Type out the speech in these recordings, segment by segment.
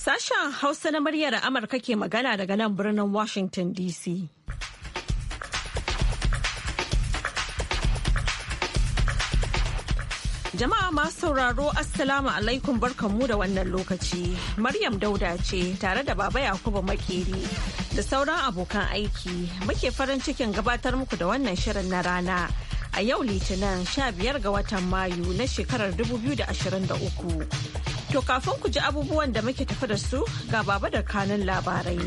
Sashen Hausa na muryar Amurka ke magana daga nan birnin Washington DC. Jama'a masu sauraro Assalamu alaikum mu!" da wannan lokaci. Maryam Dauda ce tare da Baba Yakubu Makeri da sauran abokan aiki muke farin cikin gabatar muku da wannan shirin na rana. a yau litinin 15 ga watan mayu na shekarar 2023. To kafin ku ji abubuwan da muke tafi da su ga baba da kanun labarai.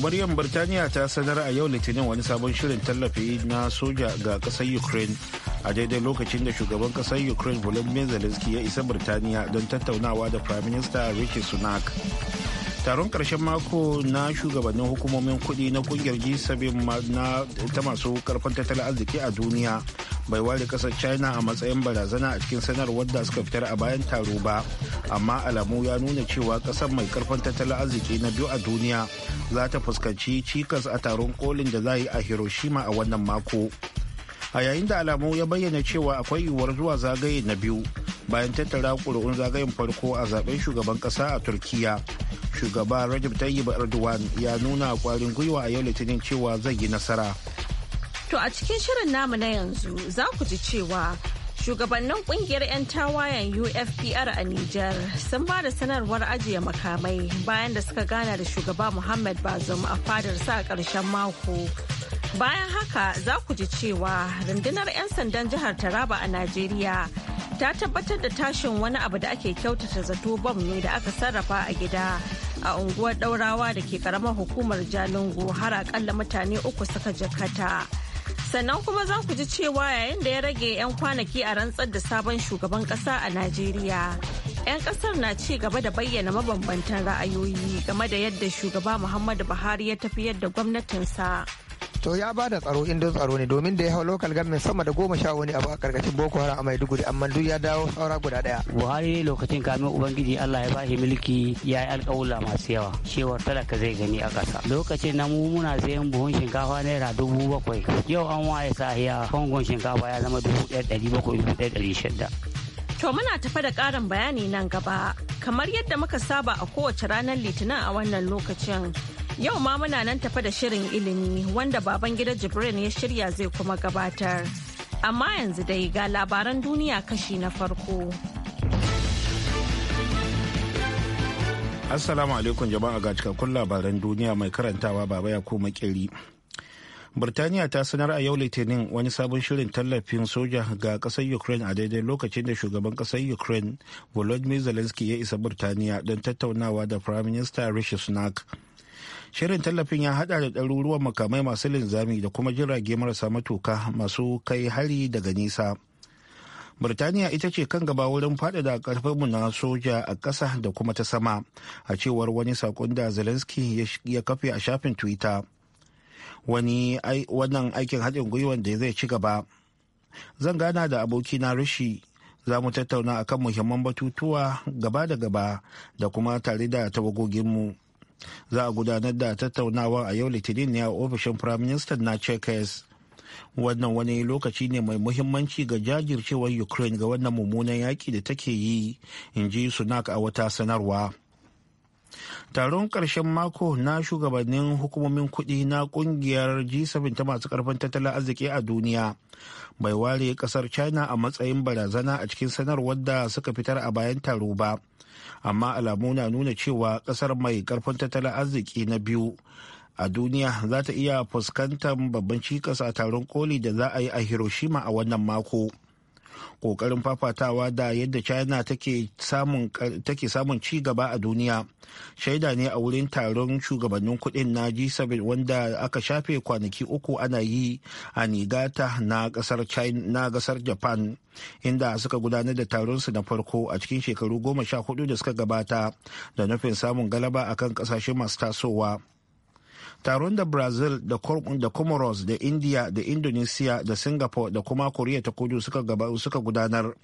maryam Birtaniya ta sanar a yau litinin wani sabon shirin tallafi na soja ga kasar Ukraine a daidai lokacin da shugaban kasar Ukraine Volodymyr Zelensky ya isa Birtaniya don tattaunawa da Prime Minister Rishi Sunak. taron karshen mako na shugabannin hukumomin kudi na kungiyar g7 ta masu karfin tattalin arziki a duniya bai ware kasar china a matsayin barazana a cikin sanarwar da suka fitar a bayan taro ba amma alamu ya nuna cewa kasar mai karfin tattalin arziki na biyu a duniya za ta fuskanci cikas a taron kolin da za yi a hiroshima a wannan mako a yayin da alamu ya bayyana cewa akwai yiwuwar zuwa zagaye na biyu bayan tattara ƙuri'un zagayen farko a zaben shugaban ƙasa a turkiya shugaba Rajab Tayyip Erdogan ya nuna kwarin gwiwa a yau litinin cewa zai yi nasara. To a cikin shirin namu na yanzu za ku ji cewa shugabannin kungiyar 'yan tawayen UFPR a Nijar sun ba da sanarwar ajiye makamai bayan da suka gana da shugaba Muhammad Bazoum a fadar sa a ƙarshen mako. Bayan haka za ku ji cewa rundunar 'yan sandan jihar Taraba a Najeriya ta tabbatar da tashin wani abu da ake kyautata zato bom ne da aka sarrafa a gida a unguwar Daurawa da ke karamar hukumar Jalingo har akalla mutane uku suka jakata. Sannan kuma za ku ji cewa yayin da ya rage 'yan kwanaki a rantsar da sabon shugaban ƙasa a Najeriya. 'yan ƙasar na ci gaba da bayyana mabambantan ra'ayoyi game da yadda shugaba muhammadu buhari ya tafiyar da gwamnatinsa to ya bada tsaro inda tsaro ne domin da ya hau local government sama da goma sha wani abu a karkashin boko haram a maiduguri amma duk ya dawo saura guda daya buhari ne lokacin kamin ubangiji allah ya bashi mulki ya yi alkawula masu yawa cewar talaka zai gani a ƙasa lokacin na mu muna sayan buhun shinkafa naira dubu bakwai yau an waye sahiya fangon shinkafa ya zama dubu ɗaya ɗari bakwai dubu ɗaya ɗari shida To muna tafa da ƙarin bayani nan gaba, kamar yadda muka saba a kowace ranar Litinin a wannan lokacin. Yau ma muna nan tafa da shirin ilimi wanda baban gida Jibrin ya shirya zai kuma gabatar. Amma yanzu dai ga labaran duniya kashi na farko. Assalamu alaikum jama'a ga cikakkun labaran duniya mai karantawa baba ya koma makeri. Birtaniya ta sanar a yau Litinin wani sabon shirin tallafin soja ga kasar Ukraine a daidai lokacin da shugaban kasar Ukraine Volodymyr Zelensky ya isa Birtaniya don tattaunawa da Prime Minister Rishi Sunak. shirin tallafin ya hada da ɗaruruwan makamai masu linzami da kuma jirage marasa matuka masu kai hari daga nisa birtaniya ita ce kan gaba wurin faɗaɗa ƙarfinmu na soja a ƙasa da kuma ta sama a cewar wani saƙon da zelensky ya kafe a shafin twitter wani wannan aikin haɗin gwiwan da zai ci gaba zan gana da abokina rishi za mu tattauna akan muhimman batutuwa gaba da gaba da kuma tare da tawagoginmu za a gudanar da tattaunawa a yau litinin ne a ofishin firaministan na chequers wannan wani lokaci ne mai muhimmanci ga jajircewar ukraine ga wannan mummunan yaki da take yi in ji sunak a wata sanarwa taron ƙarshen mako na shugabannin hukumomin kuɗi na ƙungiyar g7 ta masu ƙarfin tattalin arziki a duniya bai ware kasar china a matsayin barazana a cikin sanarwar da suka fitar a bayan taro ba amma alamu na nuna cewa kasar mai karfin tattalin arziki na biyu a duniya za ta iya fuskantar babban cikas a taron koli da za a yi a hiroshima a wannan mako. kokarin fafatawa da yadda china take samun ci gaba a duniya shaida ne a wurin taron shugabannin kudin na g7 wanda aka shafe kwanaki uku ana yi a nigata na kasar japan inda suka gudanar da taron su na farko a cikin shekaru goma sha hudu da suka gabata da nufin samun galaba akan kasashe masu tasowa taron da brazil da comoros da india da indonesia da singapore da kuma korea ta kudu suka, gudanar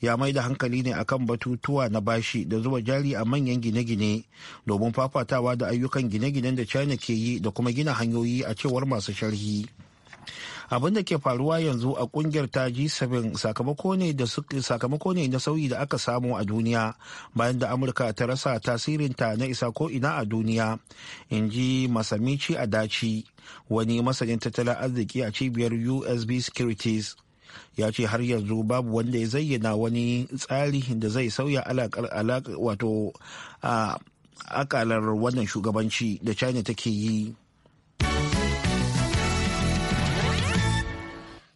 ya mai da hankali ne akan batutuwa na bashi da zuba jari a manyan gine-gine domin fafatawa da ayyukan gine-ginen da china ke yi da kuma gina hanyoyi a cewar masu sharhi abin da ke faruwa yanzu a kungiyar ta G7 sakamako ne na sauyi da aka samu a duniya bayan da Amurka ta rasa tasirinta na isa ko ina a duniya, in ji Masamici a Adachi, wani masanin tattalin arziki a cibiyar USB Securities. ya ce har yanzu babu wanda ya zayyana wani tsari da zai sauya wato a akalar wannan shugabanci da china take yi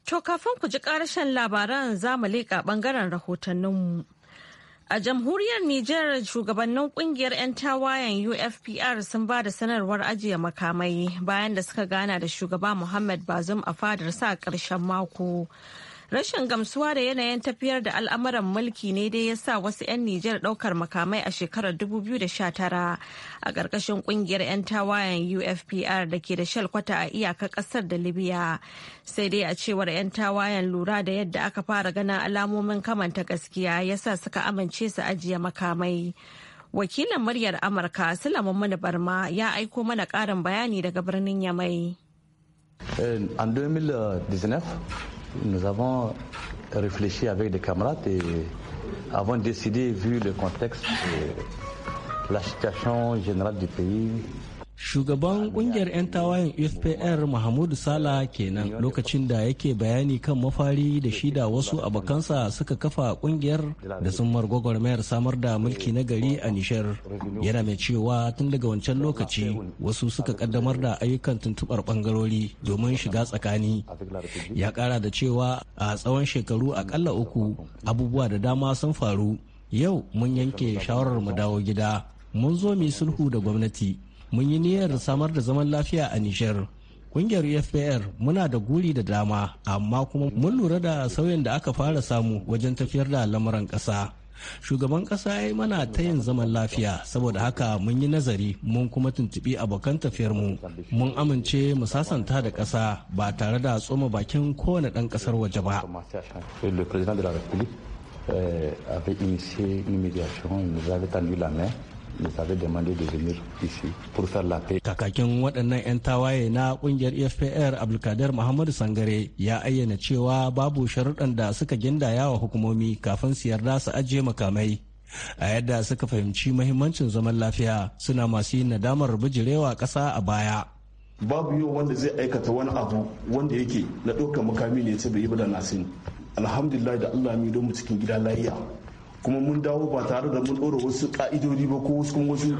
To kafin ku ji karashen labaran za mu leƙa ɓangaren rahotanninmu. A jamhuriyar Nijar shugabannin kungiyar 'yan tawayen UFPR sun ba da sanarwar ajiye makamai bayan da suka gana da shugaba Muhammad Bazum a fadar sa ƙarshen mako. Rashin gamsuwa da yanayin tafiyar da al'amuran mulki ne dai ya sa wasu 'yan Nijar ɗaukar makamai a shekarar 2019 a ƙarƙashin ƙungiyar 'yan tawayen UFPR da ke da shalkwata a iyakar ƙasar da Libya. Sai dai a cewar 'yan tawayen lura da yadda aka fara ganin alamomin kamanta gaskiya ya sa suka amince su ajiye makamai. Wakilin muryar Amurka Sulaiman Mani Barma ya aiko mana ƙarin bayani daga birnin Yamai. Eh, nous avons réfléchi avec des camarades et avons décidé, vu le contexte, la situation générale du pays, Shugaban kungiyar 'yan tawayen UFPR Mahamudu Sala kenan lokacin da yake bayani kan mafari da shi da wasu abokansa suka kafa kungiyar da sun mayar samar da mulki na gari a Nishar. Yana mai cewa tun daga wancan lokaci wasu suka kaddamar da ayyukan tuntubar bangarori domin shiga tsakani. Ya kara da cewa a tsawon shekaru akalla uku abubuwa da dama sun faru. Yau mun yanke shawarar mu dawo gida. Mun zo mu sulhu da gwamnati. mun yi niyyar samar da zaman lafiya a Nijar. Kungiyar UFPR e muna da guri da dama amma kuma mun lura da sauyin da aka fara samu wajen tafiyar da lamuran ƙasa. Shugaban ƙasa ya yi mana ta yin zaman lafiya saboda haka mun yi nazari mun kuma tuntuɓi abokan tafiyarmu mun amince mu sasanta da ƙasa ba tare da tsoma bakin kowane ɗan ƙasar waje ba. Euh, avait initié une médiation, nous avait tendu la main. nous avait demandé de venir ici pour faire la paix. Kakakin waɗannan 'yan tawaye na ƙungiyar e FPR Abdulkader Muhammadu Sangare ya ayyana cewa babu sharuɗan da suka gindaya wa hukumomi kafin su yarda su ajiye makamai. A yadda suka fahimci mahimmancin zaman lafiya suna masu yin nadamar bijirewa ƙasa a baya. Babu yau wanda zai aikata wani abu wanda yake na ɗaukar makami ne ta bai yi ba da nasin. Alhamdulillah da Allah ya mu cikin gida lafiya. kuma mun dawo ba tare da mun ɗora wasu ka'idodi ba ko wasu wasu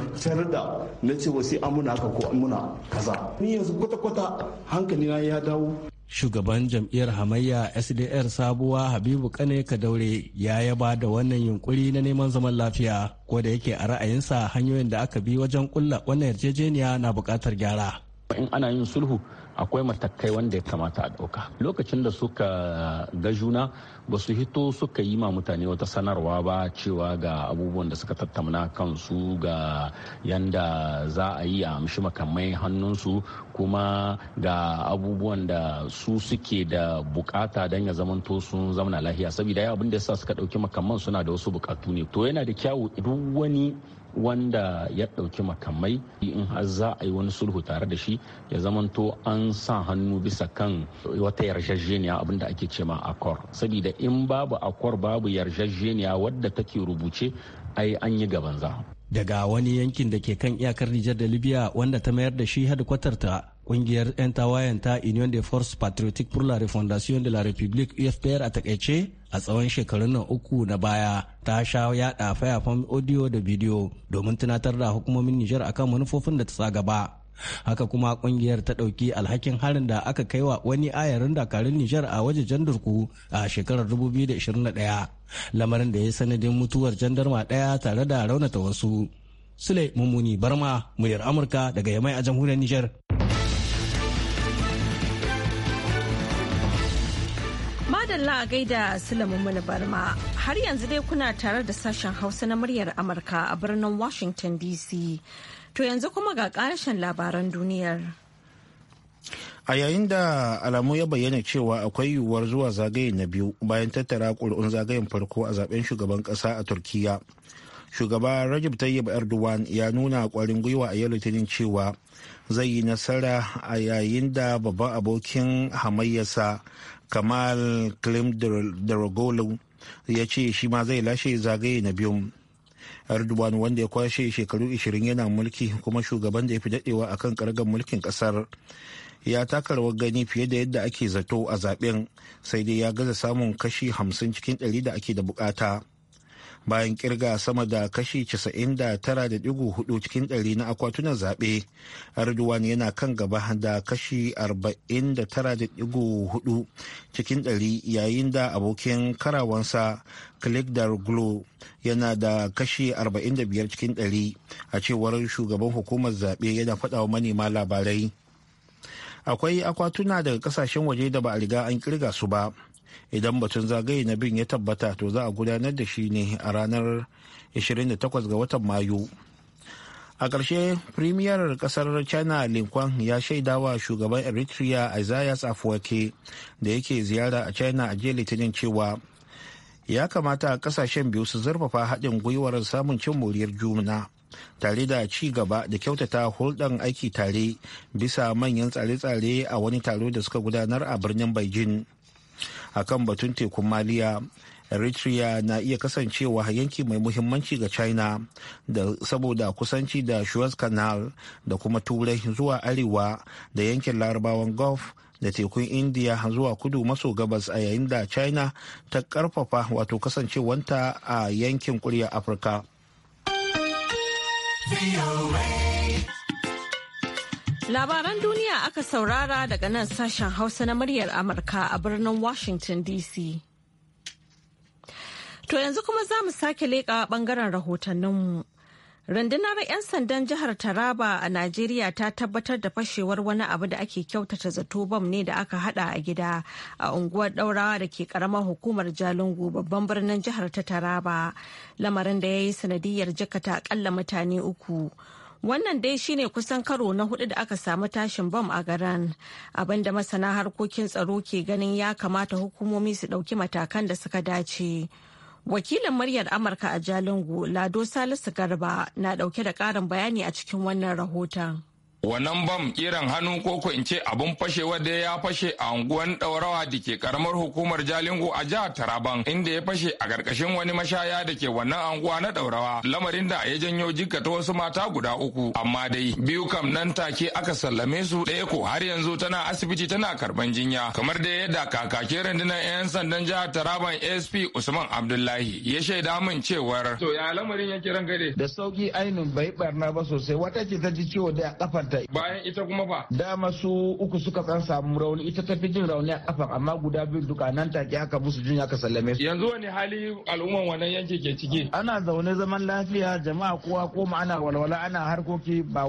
da na cewa sai amuna ka ko amuna kaza ni yanzu kwata-kwata hankali na ya dawo shugaban jam'iyyar hamayya sdr sabuwa habibu kane daure ya yaba da wannan yunkuri na neman zaman lafiya ko da yake a ra'ayinsa hanyoyin da aka bi wajen kulla wannan yarjejeniya na buƙatar gyara in ana yin sulhu akwai matakai wanda ya kamata a ɗauka lokacin da suka ga juna ba su hito suka yi ma mutane wata sanarwa ba cewa ga abubuwan da suka tattauna kansu ga yanda za a yi a amshi makamai hannunsu kuma ga abubuwan da su suke da bukata don ya zamanto sun zamana lahiya saboda ya abin da sa suka ɗauki makamman suna da wasu bukatu ne to yana da kyawu duk wani wanda ya ɗauki makamai in har za a yi wani sulhu tare da shi ya zamanto an sa hannu bisa kan wata yarjejeniya abinda ake ce ma akor saboda in babu akor babu yarjejeniya wadda take rubuce ai an yi gabanza. daga wani yankin da ke kan iyakar Nijar da Libya wanda ta mayar da shi hadkwatarta kungiyar 'yan tawayen ta Union de Force Patriotic pour la Refondation de la République UFPR a takaice a tsawon shekarun nan uku na baya ta sha yada fayafan audio da video domin tunatar da hukumomin Nijar akan manufofin da ta sa gaba. haka kuma kungiyar ta ɗauki alhakin harin da aka kai wa wani ayarin dakarun nijar a waje jandurku a shekarar 2021 lamarin da ya sanadin mutuwar jandarma daya tare da raunata wasu sule mummuni barma muryar amurka daga yamai a jamhuriyar nijar Madalla a gaida Sulaiman Mani Barma har yanzu dai kuna tare da sashen Hausa na muryar Amurka a birnin Washington DC. To yanzu kuma ga ƙarshen labaran duniyar. A yayin da alamu ya bayyana cewa akwai yiwuwar zuwa zagaye na biyu bayan tattara ƙuri'un zagayen farko a zaben shugaban ƙasa a Turkiyya. Shugaba Rajab Tayyip Erdogan ya nuna ƙwarin gwiwa a yau Litinin cewa zai yi nasara a yayin da babban abokin hamayyarsa kamal klim darogolo ya ce shi ma zai lashe zagaye na biyu erdogan wanda ya kwashe shekaru 20 yana mulki kuma shugaban da ya fi dadewa kan kargar mulkin kasar ya taka rawar gani fiye da yadda ake zato a zaben sai dai ya gaza samun kashi 50 cikin 100 da ake da bukata bayan kirga sama da kashi 99.4 cikin ɗari na akwatunan zaɓe arduwan yana kan gaba da kashi 49.4 cikin ɗari yayin da abokin karawansa click da yana da kashi 45 cikin ɗari a cewar shugaban hukumar zaɓe yana faɗawa manema labarai akwai akwatuna daga ƙasashen waje da ba a riga an kirga su ba idan batun zagaye na bin ya tabbata to za a gudanar da shi ne a ranar 28 ga watan mayu a ƙarshe firimiyar ƙasar china linkwan ya shaidawa shugaban eritrea isaias afwake da yake ziyara a china a jiya litinin cewa ya kamata ƙasashen biyu su zurfafa haɗin gwiwar samun cin moriyar juna tare da ci gaba da kyautata hulɗan aiki tare bisa manyan tsare-tsare a wani taro da suka gudanar a birnin beijing a kan batun tekun maliya eritrea na iya kasancewa yanki mai muhimmanci ga china da saboda kusanci da suez canal da kuma turai zuwa arewa da yankin larabawan gulf da tekun india zuwa kudu maso gabas a yayin da china ta karfafa wato kasancewanta a yankin kurya afirka Labaran duniya aka saurara daga nan sashen Hausa na muryar Amurka a birnin Washington DC. To yanzu kuma za mu sake leƙa ɓangaren rahotanninmu. Rundunar 'yan sandan jihar Taraba a Najeriya ta tabbatar da fashewar wani abu da ake kyautata zato bam ne da aka hada a gida a unguwar Daurawa da ke karamar hukumar Jalingo babban birnin jihar ta Taraba, lamarin da ya yi sanadiyar jikata akalla mutane uku. Wannan dai shine kusan karo na hudu da aka samu tashin bom a garin abinda masana harkokin tsaro ke ganin ya kamata hukumomi su ɗauki matakan da suka dace. Wakilin muryar Amurka a Jalingo, Lado Salisu Garba na ɗauke da ƙarin bayani a cikin wannan rahoton. wannan bam kiran hannu ko ko in ce abun fashewa da ya fashe a unguwan daurawa da ke karamar hukumar jalingo a jihar taraban inda ya fashe a karkashin wani mashaya da ke wannan anguwa na daurawa lamarin da ya janyo jikkata wasu mata guda uku amma dai biyu kam nan take aka sallame su ɗaya ko har yanzu tana asibiti tana karban jinya kamar da yadda kakakin rundunar 'yan sandan jihar taraban asp usman abdullahi ya shaida min cewar to ya lamarin ya kiran gare da sauki ainihin bai barna ba sosai wata ce ta ji ciwo da kafar bayan ita kuma ba dama su uku suka san samu rauni ita ta fi jin rauni a kafan amma guda biyu duka nan take haka musu jinya ka sallame su yanzu wani hali al'umman wannan yanki ke ciki ana zaune zaman lafiya jama'a kowa ko ana walwala ana harkoki ba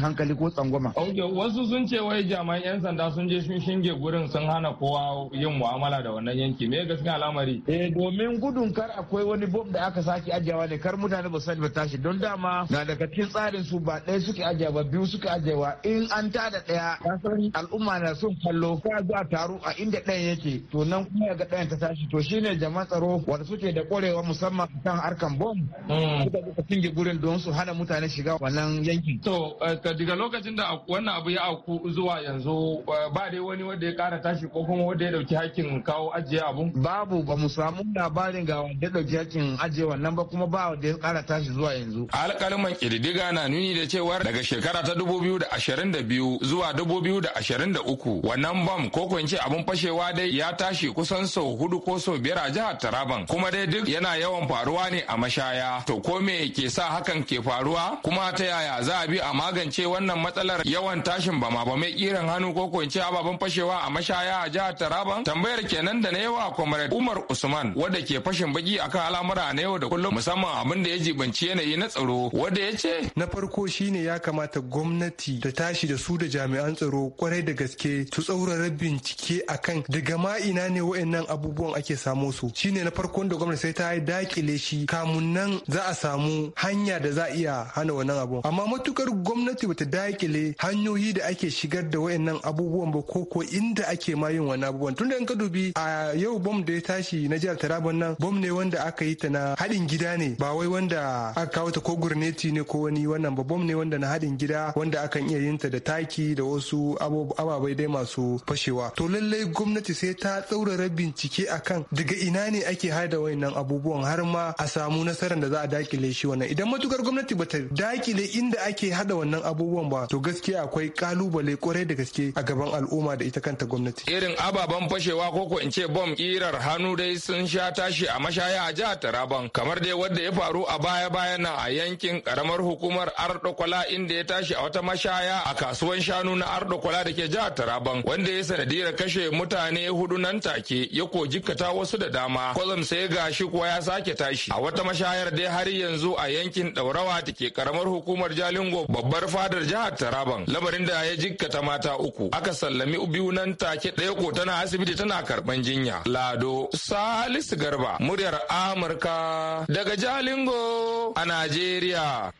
hankali ko tsangwama wasu sun ce wai jami'an yan sanda sun je sun shinge gurin sun hana kowa yin mu'amala da wannan yanki me gaskiya al'amari eh domin gudun kar akwai wani bom da aka saki ajiyawa ne kar mutane ba su sani ba tashi don dama na daga cikin tsarin su ba ɗaya suke ajiya ba biyu suke ajiya ajewa in an tada daya kasan al'umma na sun kallo ka zuwa taro a inda ɗayan yake to nan kuma ga ɗayan ta tashi to shine jama'an tsaro wanda suke da ƙwarewa musamman kan harkan bom hmm. suka suka cinge gurin don su hana mutane shiga wannan yanki. to eh, daga lokacin da wannan abu ya auku zuwa yanzu eh, ba dai wani wanda ya kara tashi ko kuma wanda ya dauki hakkin kawo ajiye abu. babu ba mu samu labarin ga wanda ya dauki hakkin ajiye wannan ba kuma ba wanda ya kara tashi zuwa yanzu. alƙalman ƙididdiga na nuni da cewar daga shekara ta dubu biyu 2022 zuwa 2023 wannan bam ko kwance abin fashewa dai ya tashi kusan sau hudu ko sau biyar a jihar Taraban kuma dai duk yana yawan faruwa ne a mashaya to ko me ke sa hakan ke faruwa kuma ta yaya za a bi a magance wannan matsalar yawan tashin bama ba mai kiran hannu ko kwance ababen fashewa a mashaya a jihar Taraban tambayar kenan da na yawa comrade Umar Usman wanda ke fashin baki akan al'amura na yau da kullum musamman abin da ya jibanci yanayi na tsaro wanda ya ce na farko shine ya kamata gwamnati gwamnati ta tashi da su da jami'an tsaro kwarai da gaske su tsaurara bincike akan daga ma ina ne wa'annan abubuwan ake samo su shine na farko da gwamnati sai ta dakile shi kamun nan za a samu hanya da za a iya hana wannan abu amma matukar gwamnati bata dakile hanyoyi da ake shigar da wa'annan abubuwan ba ko ko inda ake ma yin wannan abubuwan tunda in ka dubi a yau bom da ya tashi na jihar Taraban nan bom ne wanda aka yi ta na haɗin gida ne ba wai wanda aka kawo ta ko gurneti ne ko wani wannan ba bom ne wanda na haɗin gida wanda aka akan iya yin ta da taki da wasu ababai dai masu fashewa to lallai gwamnati sai ta tsaurara bincike akan daga ina ne ake hada wayannan abubuwan har ma a samu nasarar da za a dakile shi wannan idan matukar gwamnati bata dakile inda ake hada wannan abubuwan ba to gaskiya akwai kalubale kwarai da gaske a gaban al'umma da ita kanta gwamnati irin ababen fashewa ko ko in ce bom kirar hannu dai sun sha tashi a mashaya a jihar Taraban kamar dai wanda ya faru a baya bayan nan a yankin karamar hukumar Ardokola inda ya tashi a wata mashaya mashaya a kasuwan shanu na Ardo Kwala da ke jihar Taraban wanda ya sanadiyar kashe mutane hudu nan take ya ko jikkata wasu da dama. Kwalam sai ga shi kuwa ya sake tashi. A wata mashayar dai har yanzu a yankin Daurawa da ke karamar hukumar Jalingo babbar fadar jihar Taraban. Lamarin da ya jikkata mata uku. Aka sallami biyu nan take ɗaya ko tana asibiti tana karɓan jinya. Lado Salisu Garba muryar Amurka daga Jalingo a Najeriya.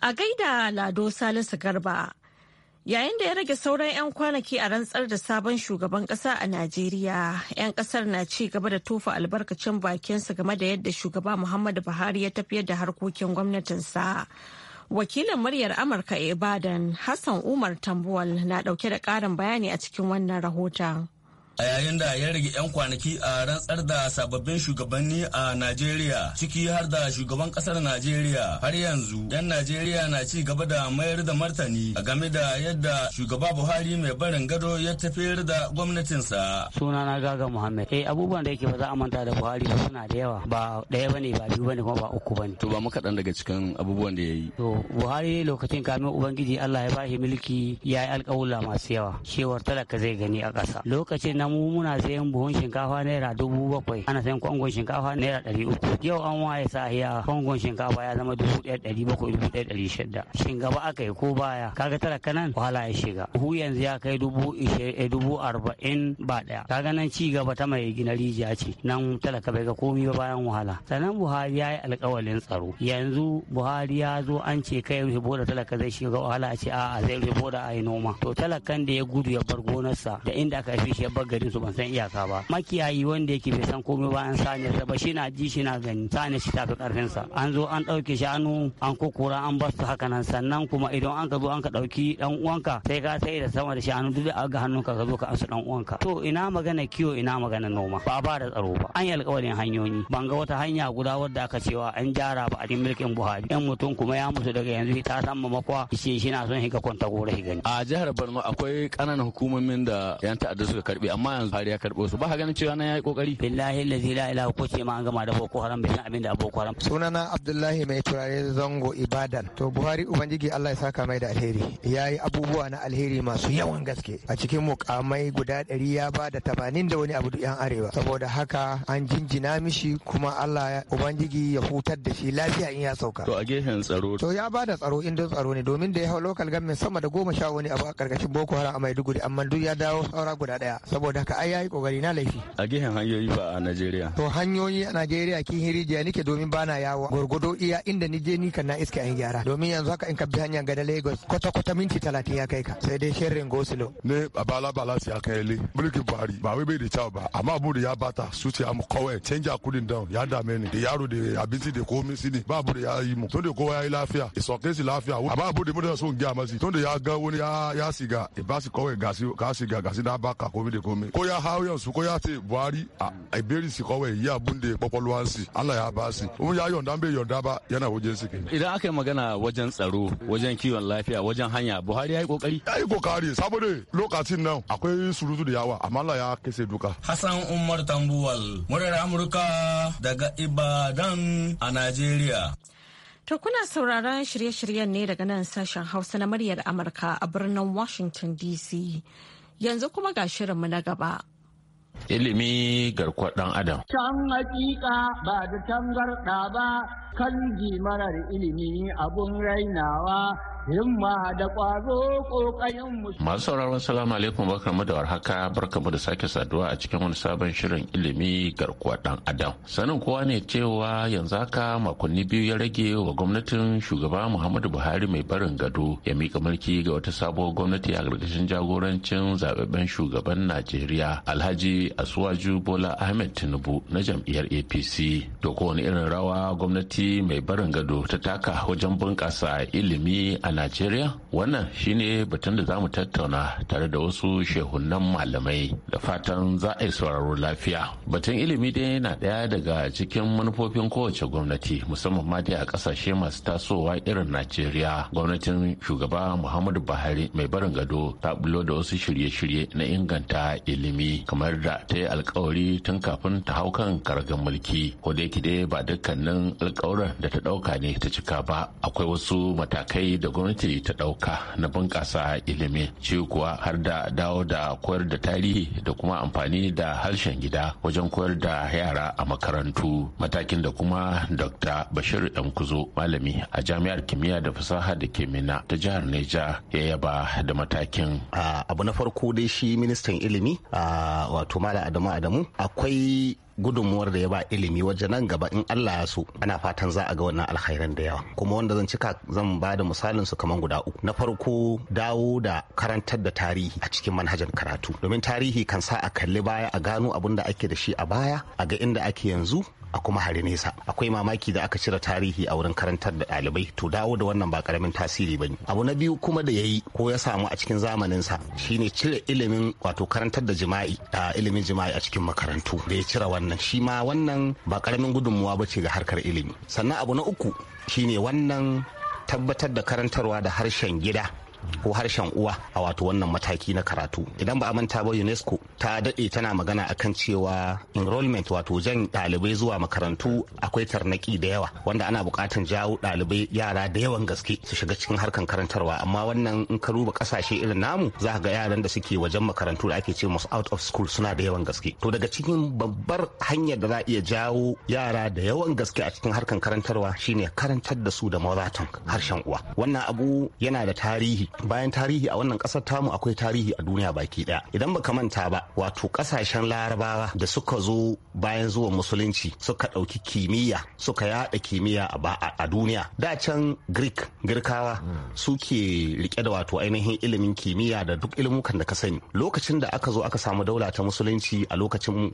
A gaida Lado Salisu Garba. Yayin da ya rage sauran 'yan kwanaki a rantsar da sabon shugaban kasa a Najeriya, 'yan kasar na ci gaba da tofa albarkacin bakinsa game da yadda shugaba Muhammadu Buhari ya tafiyar da harkokin gwamnatinsa. Wakilin muryar Amurka Ibadan Hassan Umar Tambuwal na dauke da karin bayani a cikin wannan rahoton. a yayin da ya rage 'yan kwanaki a rantsar da sababbin shugabanni a Najeriya ciki har da shugaban kasar Najeriya har yanzu 'yan Najeriya na ci gaba da mayar da martani a game da yadda shugaba Buhari mai barin gado ya tafiyar da gwamnatinsa. Sunana Gaga Muhammad. Eh abubuwan da yake ba za a manta da Buhari ba suna da yawa ba ɗaya bane ba biyu bane kuma ba uku bane. To ba mu kaɗan daga cikin abubuwan da ya yi. To Buhari lokacin kamin Ubangiji Allah ya bashi mulki ya yi alƙawula masu yawa. Cewar talaka zai gani a ƙasa. Lokacin nan mu muna sayan buhun shinkafa naira dubu bakwai ana sayan kwangon shinkafa naira ɗari uku yau an waye sahiya kwangon shinkafa ya zama dubu ɗaya ɗari bakwai dubu ɗaya ɗari shida shingaba aka yi ko baya kaga tara nan wahala ya shiga buhu yanzu ya kai dubu eh, dubu arba'in ba ɗaya kaga nan ci gaba ta mai gina rijiya ce nan talaka bai ga komi ba bayan wahala sannan buhari ya yi alkawalin tsaro yanzu buhari ya zo an ce kai rufe boda talaka zai shiga wahala a ce a'a zai rufe boda a yi noma to talakan da ya gudu ya bar gonarsa da inda aka haife shi ya bar garin su ban san iyaka ba makiyayi wanda yake bai san komai ba an sani ba shi na ji shi na gani sani shi tafi karfin sa an zo an dauke shanu an kokora an basu haka nan sannan kuma idan an ka zo an ka dauki dan uwanka sai ka sai da sama da anu duk da ga hannun ka zo ka asu dan uwanka to ina magana kiwo ina magana noma ba ba da tsaro ba an yi alƙawarin hanyoyi ban ga wata hanya guda wadda aka cewa an jara ba a cikin mulkin Buhari yan mutum kuma ya mutu daga yanzu ta san mamakwa shi shi na son higa kwanta gore gani a jihar Borno akwai kananan hukumomin da yan ta'adda suka karbi amma yanzu har ya karɓo su ba ka ganin cewa nan ya yi kokari billahi lazi la ilaha ko ce ma an gama da boko haram bai san abin da boko haram sunana abdullahi mai turare zango ibadan to buhari ubangiji Allah ya saka mai da alheri ya yi abubuwa na alheri masu yawan gaske a cikin mukamai guda ɗari ya ba da tabanin da wani abu yan arewa saboda haka an jinjina mishi kuma Allah ubangiji ya hutar da shi lafiya in ya sauka to a gefen tsaro to ya ba da tsaro in don tsaro ne domin da ya hau lokal government sama da goma sha wani abu a ƙarƙashin boko haram a maiduguri amma duk ya dawo saura guda ɗaya saboda saboda ka ai yayi kokari na laifi a gihin hanyoyi ba a Najeriya to hanyoyi a Najeriya kin hirijiya nike domin bana yawo gurgudo iya inda ni je ni kana iska in gyara domin yanzu haka in ka bi hanyar gada Lagos kwata kwata minti 30 ya kai ka sai dai shirin Gosilo ne abala bala bala sai aka yale mulkin Buhari ba wai bai da cewa ba amma abu da ya bata su ce mu kawai canja kudin down ya dame ni da yaro da abinci da komai su ne ba abu da ya yi mu to da kowa ya yi lafiya isoke shi lafiya amma abu da mutane sun gya masi to da ya ga wani ya siga ba su kawai gasi ga siga gasi na baka komai da komai komai ko ya hau yansu ko ya te buhari a iberi su kawai yi abun da kwakwalwansu allah ya ba si kuma ya yonda bai yonda ba yana wajen su ke idan aka yi magana wajen tsaro wajen kiwon lafiya wajen hanya buhari ya yi kokari ya yi kokari saboda lokacin nan akwai surutu da yawa amma allah ya kese duka hassan umar tambuwal murar amurka daga ibadan a nigeria To kuna sauraron shirye-shiryen ne daga nan sashen Hausa na muryar Amurka a birnin Washington DC. Yanzu kuma ga shirinmu na gaba. ilimi garkuwar dan adam. Can hakika ba da tangarɗa ba kan marar ilimi abun rainawa himma da ƙwazo ƙoƙarin Masu sauraron salamu alaikum barkamu da warhaka barkamu da sake saduwa a cikin wani sabon shirin ilimi garkuwa dan adam. Sanin kowa ne cewa yanzu haka makonni biyu ya rage wa gwamnatin shugaba Muhammadu Buhari mai barin gado ya mika mulki ga wata sabuwar gwamnati a gargashin jagorancin zaɓaɓɓen shugaban Najeriya Alhaji asuwaju bola ahmed tinubu na jam'iyyar apc da kowane irin rawa gwamnati mai barin gado ta taka wajen bunƙasa ilimi a najeriya wannan shine batun da zamu tattauna tare da wasu shehunan malamai da fatan za a yi sauraro lafiya batun ilimi dai na ɗaya daga cikin manufofin kowace gwamnati musamman ma dai a ƙasashe masu tasowa irin najeriya gwamnatin shugaba muhammadu buhari mai barin gado ta bulo da wasu shirye-shirye na inganta ilimi kamar da ta yi alkawari tun kafin ta hau kan karagan mulki ko da yake dai ba dukkanin alkawuran da ta dauka ne ta cika ba akwai wasu matakai da gwamnati ta dauka na bunƙasa ilimi shi kuwa har da dawo da koyar da tarihi da kuma amfani da harshen gida wajen koyar da yara a makarantu matakin da kuma dr bashir kuzo malami a jami'ar kimiyya da fasaha da ke mina ta jihar neja ya yaba da matakin abu na farko dai shi ministan ilimi wato mala adamu adamu akwai gudunmuwar da ya ba ilimi wajen nan gaba in Allah ya so ana fatan za a ga wannan alkhairan da yawa kuma wanda zan cika zan ba da misalin su kamar guda uku na farko dawo da karantar da tarihi a cikin manhajar karatu domin tarihi kan sa a kalli baya a gano abin da ake da shi a baya a ga inda ake yanzu a kuma hari nesa akwai mamaki da aka cire tarihi a wurin karantar da ɗalibai to dawo da wannan ba karamin tasiri bane abu na biyu kuma da yayi ko ya samu a cikin zamanin sa shine cire ilimin wato karantar da jima'i a ilimin jima'i a cikin makarantu da ya cire wannan wannan shi ma wannan ba karamin gudunmuwa ba ce ga harkar ilimi sannan abu na uku shine wannan tabbatar da karantarwa da harshen gida ko harshen uwa a wato wannan mataki na karatu idan ba a manta ba unesco ta daɗe tana magana akan cewa enrollment wato jan dalibai zuwa makarantu akwai tarnaki da yawa wanda ana bukatan jawo dalibai yara da yawan gaske su shiga cikin harkan karantarwa amma wannan in ka duba kasashe irin namu za ga yaran da suke wajen makarantu da ake ce musu out of school suna da yawan gaske to daga cikin babbar hanyar da za iya jawo yara da yawan gaske a cikin harkan karantarwa shine karantar da su da mother harshen uwa wannan abu yana da tarihi bayan tarihi a wannan kasar tamu akwai tarihi a duniya baki daya idan baka manta ba wato kasashen larabawa da suka zo bayan zuwan musulunci suka dauki kimiyya suka yada kimiyya a duniya da can greek girkawa suke rike da wato ainihin ilimin kimiyya da duk ilimukan da ka sani lokacin da aka zo aka samu daula ta musulunci a lokacin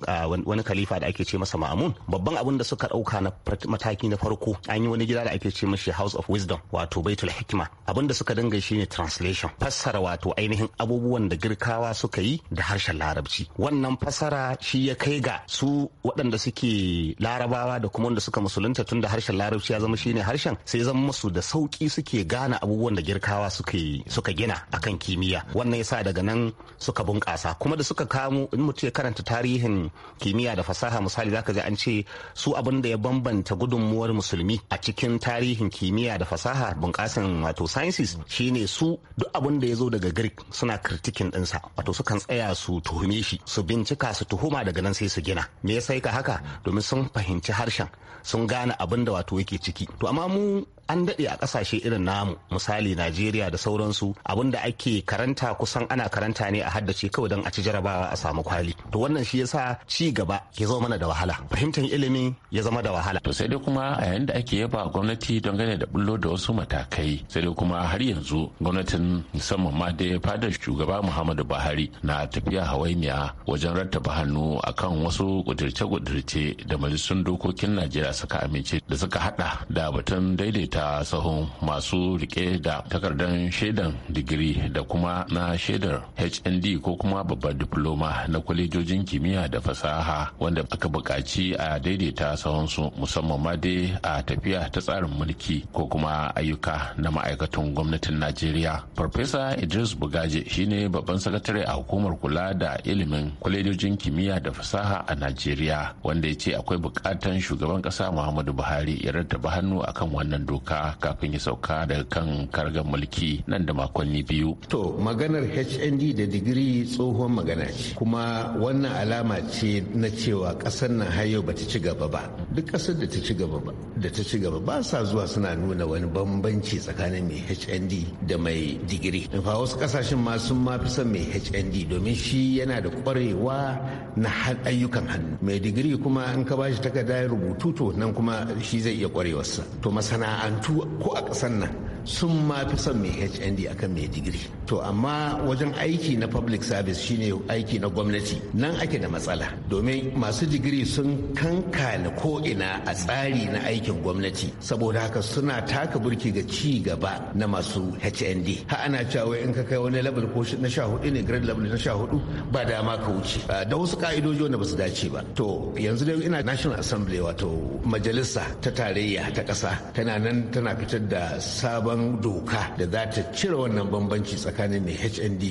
wani khalifa da ake ce masa ma'amun babban abin da suka dauka na mataki na farko an yi wani gida da ake ce mashi house of wisdom wato baitul hikima abin da suka dinga shine translation fassara wato ainihin abubuwan da girkawa suka yi da harshen larabci wannan fassara shi ya kai ga su waɗanda suke larabawa da kuma wanda suka musulunta tun da harshen larabci ya zama shine harshen sai zama musu da sauki suke gane abubuwan da girkawa suka gina akan kimiyya wannan yasa daga nan suka bunƙasa kuma da suka kamo in mutum ya karanta tarihin kimiyya da fasaha misali zaka ji an ce su abin da ya bambanta gudunmuwar musulmi a cikin tarihin kimiyya da fasaha bunƙasan wato sciences shine su duk abin da ya zo daga greek suna kritikin ɗinsa wato sukan tsaya su tuhume shi su bincika su tuhuma daga nan sai su gina me ya sai ka haka domin sun fahimci harshen sun gane abin da wato yake ciki to amma mu an daɗe a ƙasashe irin namu misali najeriya da sauransu abinda ake karanta kusan ana karanta ne a haddace kawai don a ci jarabawa a samu kwali to wannan shi yasa ci gaba ke zama mana da wahala fahimtar ilimi ya zama da wahala to sai dai kuma a yayin ake yaba gwamnati don gane da bullo da wasu matakai sai dai kuma har yanzu gwamnatin musamman ma da fadar shugaba muhammadu buhari na tafiya hawainiya wajen rattaba hannu akan wasu kudirce-kudirce da majalisun dokokin najeriya suka amince da suka hada da batun daidaita ta sahun masu rike da takardar shaidan digiri da kuma na shaidar hnd ko kuma babbar diploma na kwalejojin kimiyya da fasaha wanda aka buƙaci a daidaita sahunsu musamman ma dai a tafiya ta tsarin mulki ko kuma ayyuka na ma'aikatan gwamnatin najeriya farfesa idris bugaje shine babban sakatare a hukumar kula da ilimin kwalejojin kimiyya da fasaha a najeriya wanda ya ce akwai buƙatan shugaban ƙasa muhammadu buhari ya rattaba hannu akan wannan doka doka kafin ya sauka daga kan kargar mulki nan da makonni biyu. To maganar HND da digiri tsohon magana ce kuma wannan alama ce na cewa ƙasar nan har yau bata ci gaba ba. Duk ƙasar da ta ci gaba ba da ta ci gaba ba sa zuwa suna nuna wani bambanci tsakanin mai HND da mai digiri. Fa wasu ƙasashen ma sun ma fi son mai HND domin shi yana da ƙwarewa na ayyukan hannu. Mai digiri kuma in ka bashi takarda rubutu to nan kuma shi zai iya ƙwarewarsa. To masana'an makarantu ko a ƙasar nan sun ma fi son mai hnd akan mai digiri to amma wajen aiki na public service shine aiki na gwamnati nan ake da matsala domin masu digiri sun kankana ko'ina a tsari na aikin gwamnati saboda haka suna taka burki ga ci gaba na masu hnd ha ana cewa in ka kai wani level ko na sha hudu ne grade level na sha hudu ba dama ka wuce ah, da wasu ka'idoji wanda ba su dace ba to yanzu dai ina national assembly wato majalisa ta tarayya ta kasa tana nan tana fitar da sabon sabon doka da za ta cire wannan bambanci tsakanin mai hnd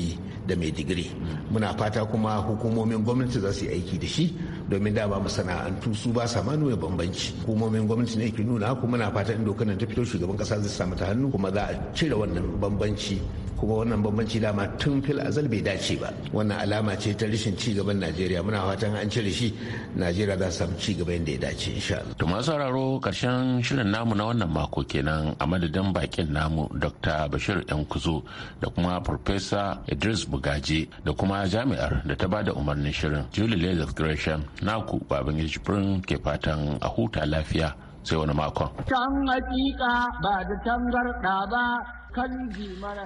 da mai digiri muna fata kuma hukumomin gwamnati za su yi aiki da shi domin dama masana'antu su ba sa nuna bambanci hukumomin gwamnati ne ke nuna kuma muna fata in dokar nan ta fito shugaban kasa zai samu ta hannu kuma za a cire wannan bambanci kuma wannan bambanci dama tun fil azal bai dace ba wannan alama ce ta rashin ci gaban najeriya muna fatan an cire shi najeriya za su samu ci gaba yadda ya dace insha Allah. to masu sauraro karshen shirin namu na wannan mako kenan a madadin bakin namu dr bashir yan kuzo da kuma profesa idris bugaje da kuma jami'ar da ta bada umarnin shirin julie leather gresham naku babin jibrin ke fatan a huta lafiya sai wani makon.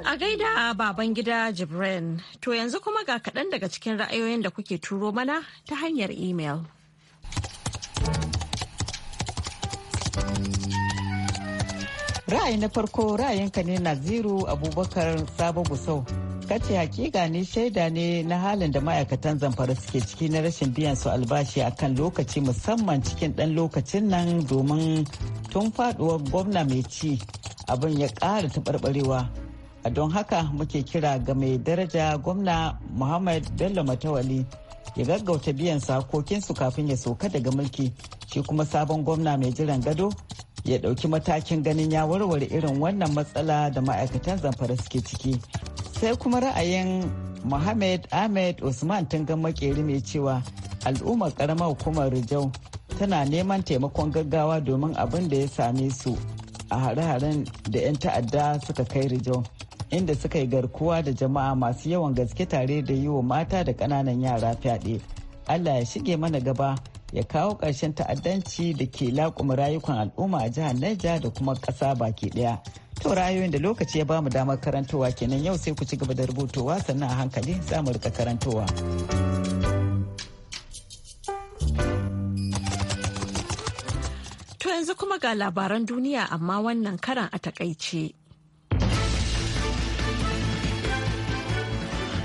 A gaida baban gida Jibrin, to yanzu kuma ga kaɗan daga cikin ra'ayoyin da kuke turo mana ta hanyar imel. Ra'ayi na farko ra'ayinka ne Naziru Abubakar Sabo Gusau. Kace hakika ne shaida ne na halin da ma'aikatan zamfara suke ciki na rashin biyan su albashi a kan lokaci musamman cikin ɗan lokacin nan domin tun faduwar gwamna mai ci abin ya kara taɓarɓarewa. A don haka muke kira ga mai daraja gwamna Muhammad Bello Matawali ya gaggauta biyan sakokinsu kafin ya soka daga mulki shi kuma sabon gwamna mai jiran gado ya ɗauki matakin ganin ya warware irin wannan matsala da ma'aikatan zamfara suke ciki sai kuma ra'ayin Mohammed Ahmed Usman ga Makeri mai cewa al'ummar karamar hukumar Rijau tana neman taimakon gaggawa domin abin da ya same su a hare-haren da 'yan ta'adda suka kai Rijau inda suka yi garkuwa da jama'a masu yawan gaske tare da yi wa mata da ƙananan yara fyaɗe. Allah ya shige mana gaba ya kawo ƙarshen ta'addanci da ke laƙuma rayukan al'umma a jihar Niger da kuma ƙasa baki ɗaya. To ra'ayoyin da lokaci ya bamu damar karantawa kenan yau sai ku ci gaba da rubutowa sannan a hankali za mu rika karantawa. To yanzu kuma ga labaran duniya amma wannan karan a takaice.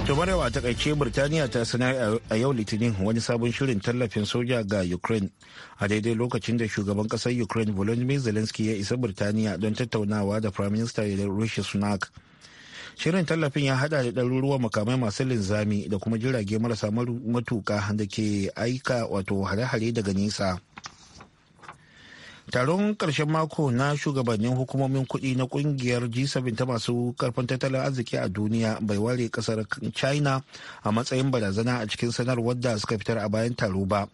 tumarewa a takaice birtaniya ta sanar a yau litinin wani sabon shirin tallafin soja ga ukraine a daidai lokacin da shugaban kasar ukraine volodymyr zelensky ya isa birtaniya don tattaunawa da prime minister rishi sunak shirin tallafin ya hada da ɗaruruwan makamai masu linzami da kuma jirage marasa matuka da ke aika wato hare-hare daga nisa taron ƙarshen mako na shugabannin hukumomin kuɗi na ƙungiyar g7 ta masu karfin tattalin arziki a duniya bai ware ƙasar china a matsayin barazana a cikin sanarwar da suka fitar a bayan taro ba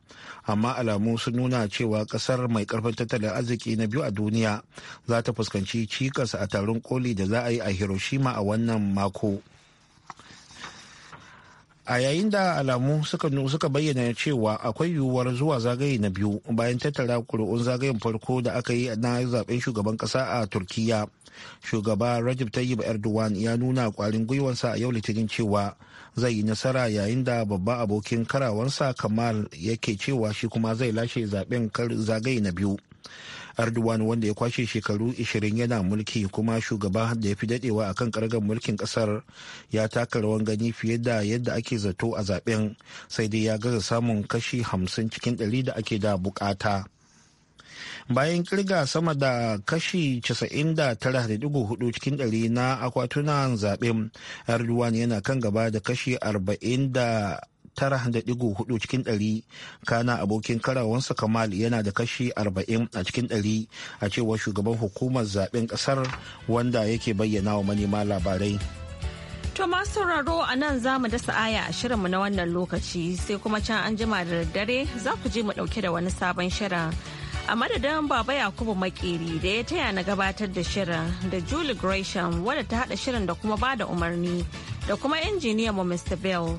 amma alamu sun nuna cewa ƙasar mai karfin tattalin arziki na biyu a duniya za ta fuskanci cikas a taron koli da za a yi a hiroshima a wannan mako. a yayin da alamu suka suka bayyana cewa akwai yiwuwar zuwa zagaye na biyu bayan tattara kuri'un zagayen farko da aka yi na zaben shugaban kasa a turkiya shugaba rajab tayyip erdogan ya nuna kwarin gwiwansa a yau litinin cewa zai yi nasara yayin da babba abokin karawansa kamal yake cewa shi kuma zai lashe zaben zagaye na biyu Erdogan wanda ya kwashe shekaru 20 yana mulki kuma shugaba da ya fi dadewa a kan karagar mulkin kasar ya taka rawan gani fiye da yadda ake zato a zaben sai dai ya gaza samun kashi 50 cikin 100 da ake da bukata. bayan kirga sama da kashi 99.4 cikin 100 na akwatunan zaben erdogan yana kan gaba da kashi 40 da tara da digo hudu cikin ɗari kana abokin karawansa kamal yana da kashi arba'in a cikin ɗari a cewar shugaban hukumar zaben kasar wanda yake bayyana wa manema labarai To masu sauraro a nan za mu dasa aya a shirinmu na wannan lokaci sai kuma can an jima da daddare za ku je mu dauke da wani sabon shirin. a madadin baba yakubu makeri da ya taya na gabatar da shirin da julie gresham wadda ta hada shirin da kuma ba da umarni da kuma injiniyan mu mr bell